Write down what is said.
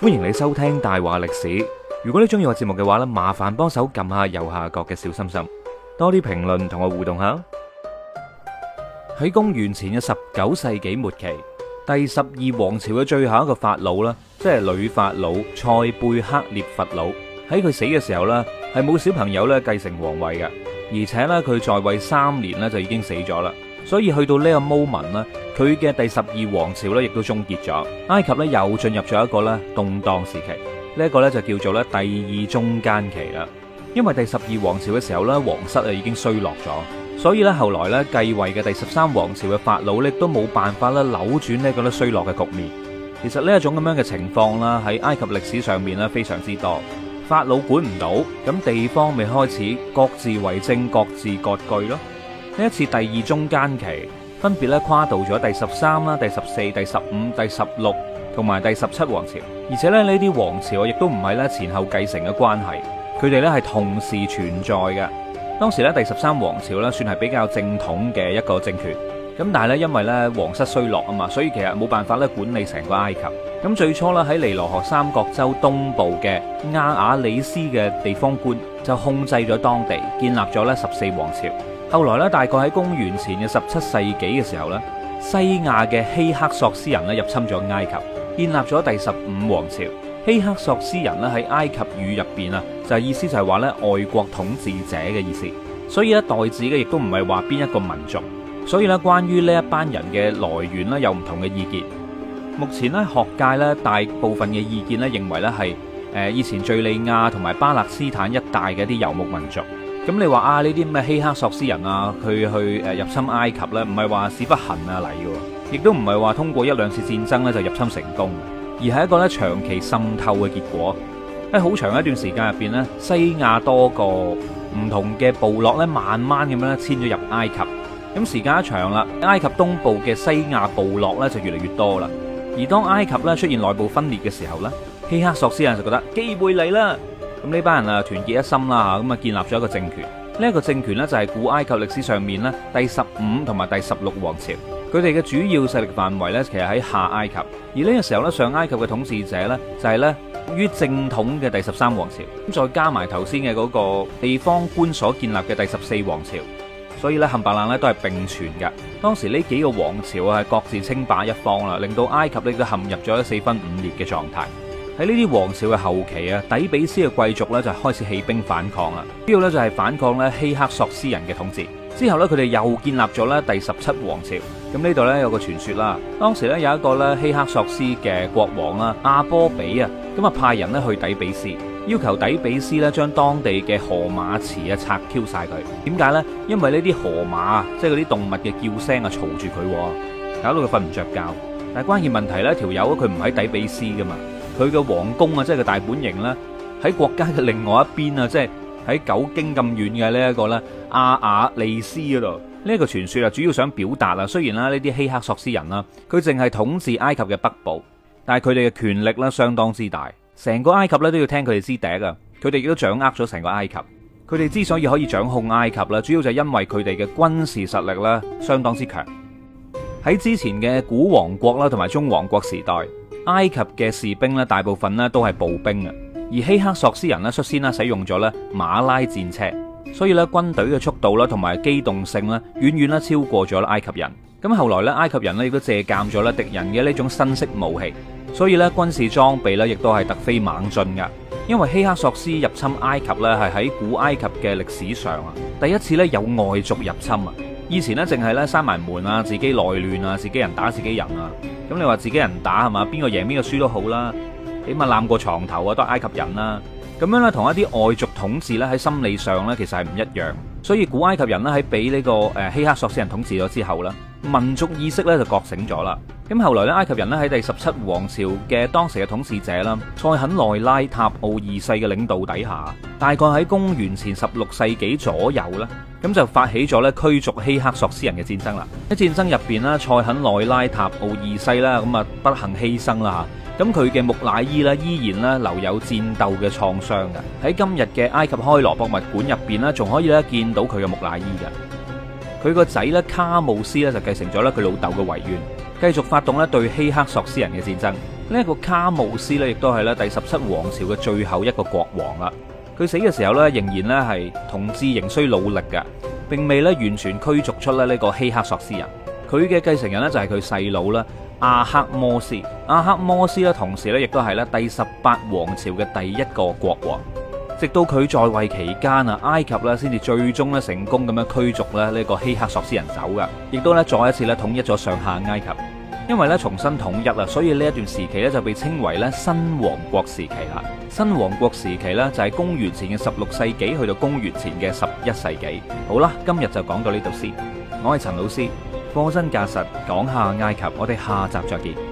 歡迎你收聽大話歷史。如果你中意我節目嘅話咧，麻煩幫手撳下右下角嘅小心心，多啲評論同我互動下。喺 公元前嘅十九世紀末期，第十二王朝嘅最後一個法老啦，即係女法老塞貝克涅法老喺佢死嘅時候啦，係冇小朋友咧繼承皇位嘅，而且咧佢在位三年咧就已經死咗啦。所以去到呢個 moment 咧，佢嘅第十二王朝呢亦都終結咗，埃及呢又進入咗一個咧動盪時期。呢一個咧就叫做咧第二中間期啦。因為第十二王朝嘅時候呢，皇室啊已經衰落咗，所以呢，後來呢，繼位嘅第十三王朝嘅法老亦都冇辦法咧扭轉呢個衰落嘅局面。其實呢一種咁樣嘅情況啦，喺埃及歷史上面呢非常之多。法老管唔到，咁地方咪開始各自為政、各自割據咯。呢一次第二中間期，分別咧跨度咗第十三啦、第十四、第十五、第十六同埋第十七王朝，而且咧呢啲王朝啊，亦都唔係咧前後繼承嘅關係，佢哋咧係同時存在嘅。當時咧第十三王朝咧算係比較正統嘅一個政權，咁但係咧因為咧皇室衰落啊嘛，所以其實冇辦法咧管理成個埃及。咁最初咧喺尼羅河三角洲東部嘅亞亞里斯嘅地方官就控制咗當地，建立咗咧十四王朝。後來咧，大概喺公元前嘅十七世紀嘅時候咧，西亞嘅希克索斯人咧入侵咗埃及，建立咗第十五王朝。希克索斯人咧喺埃及語入邊啊，就係意思就係話呢外國統治者嘅意思。所以咧代指嘅亦都唔係話邊一個民族。所以咧關於呢一班人嘅來源咧，有唔同嘅意見。目前咧學界咧大部分嘅意見咧認為咧係誒以前敘利亞同埋巴勒斯坦一帶嘅啲游牧民族。咁你話啊呢啲咩希克索斯人啊，佢去誒、啊、入侵埃及呢，唔係話屎不行啊嚟嘅，亦都唔係話通過一兩次戰爭呢就入侵成功，而係一個咧長期滲透嘅結果。喺好長一段時間入邊呢，西亞多個唔同嘅部落呢，慢慢咁樣咧遷咗入埃及。咁、嗯、時間一長啦，埃及東部嘅西亞部落呢就越嚟越多啦。而當埃及呢出現內部分裂嘅時候呢，希克索斯人就覺得機會嚟啦。咁呢班人啊，團結一心啦，咁啊建立咗一個政權。呢、這、一個政權呢，就係古埃及歷史上面呢第十五同埋第十六王朝。佢哋嘅主要勢力範圍呢，其實喺下埃及。而呢個時候呢，上埃及嘅統治者呢，就係呢於正統嘅第十三王朝。咁再加埋頭先嘅嗰個地方官所建立嘅第十四王朝。所以呢，冚白冷呢都係並存嘅。當時呢幾個王朝啊，各自稱霸一方啦，令到埃及呢都陷入咗四分五裂嘅狀態。喺呢啲王朝嘅後期啊，底比斯嘅貴族咧就開始起兵反抗啦。呢度咧就係反抗呢希克索斯人嘅統治。之後呢，佢哋又建立咗呢第十七王朝。咁呢度呢，有個傳說啦。當時呢，有一個呢希克索斯嘅國王啦，阿波比啊，咁啊派人咧去底比斯，要求底比斯咧將當地嘅河馬池啊拆 Q 晒佢。點解呢？因為呢啲河馬即係嗰啲動物嘅叫聲啊，嘈住佢，搞到佢瞓唔着覺。但係關鍵問題呢，條友佢唔喺底比斯噶嘛。佢嘅王宮啊，即係佢大本營咧，喺國家嘅另外一邊啊，即係喺九經咁遠嘅呢一個咧，阿瓦利斯嗰度呢一個傳說啊，主要想表達啊，雖然啦呢啲希克索斯人啦，佢淨係統治埃及嘅北部，但係佢哋嘅權力呢，相當之大，成個埃及呢，都要聽佢哋支笛啊，佢哋亦都掌握咗成個埃及。佢哋之所以可以掌控埃及咧，主要就係因為佢哋嘅軍事實力咧相當之強。喺之前嘅古王國啦，同埋中王國時代。埃及嘅士兵咧，大部分咧都係步兵啊，而希克索斯人咧率先啦使用咗咧馬拉戰車，所以咧軍隊嘅速度啦同埋機動性咧遠遠咧超過咗埃及人。咁後來咧埃及人咧亦都借鑒咗咧敵人嘅呢種新式武器，所以咧軍事裝備咧亦都係突飛猛進噶。因為希克索斯入侵埃及咧係喺古埃及嘅歷史上啊第一次咧有外族入侵啊，以前咧淨係咧閂埋門啊，自己內亂啊，自己人打自己人啊。咁你話自己人打係嘛？邊個贏邊個輸都好啦，起碼攬過床頭啊，都係埃及人啦。咁樣咧，同一啲外族統治咧，喺心理上咧，其實係唔一樣。所以古埃及人咧，喺俾呢個誒希克索斯人統治咗之後咧。民族意識咧就覺醒咗啦，咁後來咧，埃及人咧喺第十七王朝嘅當時嘅統治者啦，塞肯奈拉塔奧二世嘅領導底下，大概喺公元前十六世紀左右咧，咁就發起咗咧驅逐希克索斯人嘅戰爭啦。喺戰爭入邊咧，塞肯奈拉塔奧二世啦，咁啊不幸犧牲啦嚇，咁佢嘅木乃伊咧依然咧留有戰鬥嘅創傷嘅，喺今日嘅埃及開羅博物館入邊咧，仲可以咧見到佢嘅木乃伊嘅。佢個仔咧卡姆斯咧就繼承咗咧佢老豆嘅遺願，繼續發動咧對希克索斯人嘅戰爭。呢一個卡姆斯咧亦都係咧第十七王朝嘅最後一個國王啦。佢死嘅時候咧仍然咧係同志仍需努力嘅，並未咧完全驅逐出咧呢個希克索斯人。佢嘅繼承人呢，就係佢細佬啦，阿克摩斯。阿克摩斯呢，同時咧亦都係咧第十八王朝嘅第一個國王。直到佢在位期間啊，埃及咧先至最終咧成功咁樣驅逐咧呢個希克索斯人走噶，亦都咧再一次咧統一咗上下埃及。因為咧重新統一啦，所以呢一段時期咧就被稱為咧新王國時期啦。新王國時期咧就係公元前嘅十六世紀去到公元前嘅十一世紀。好啦，今日就講到呢度先。我係陳老師，貨真價實講下埃及。我哋下集再見。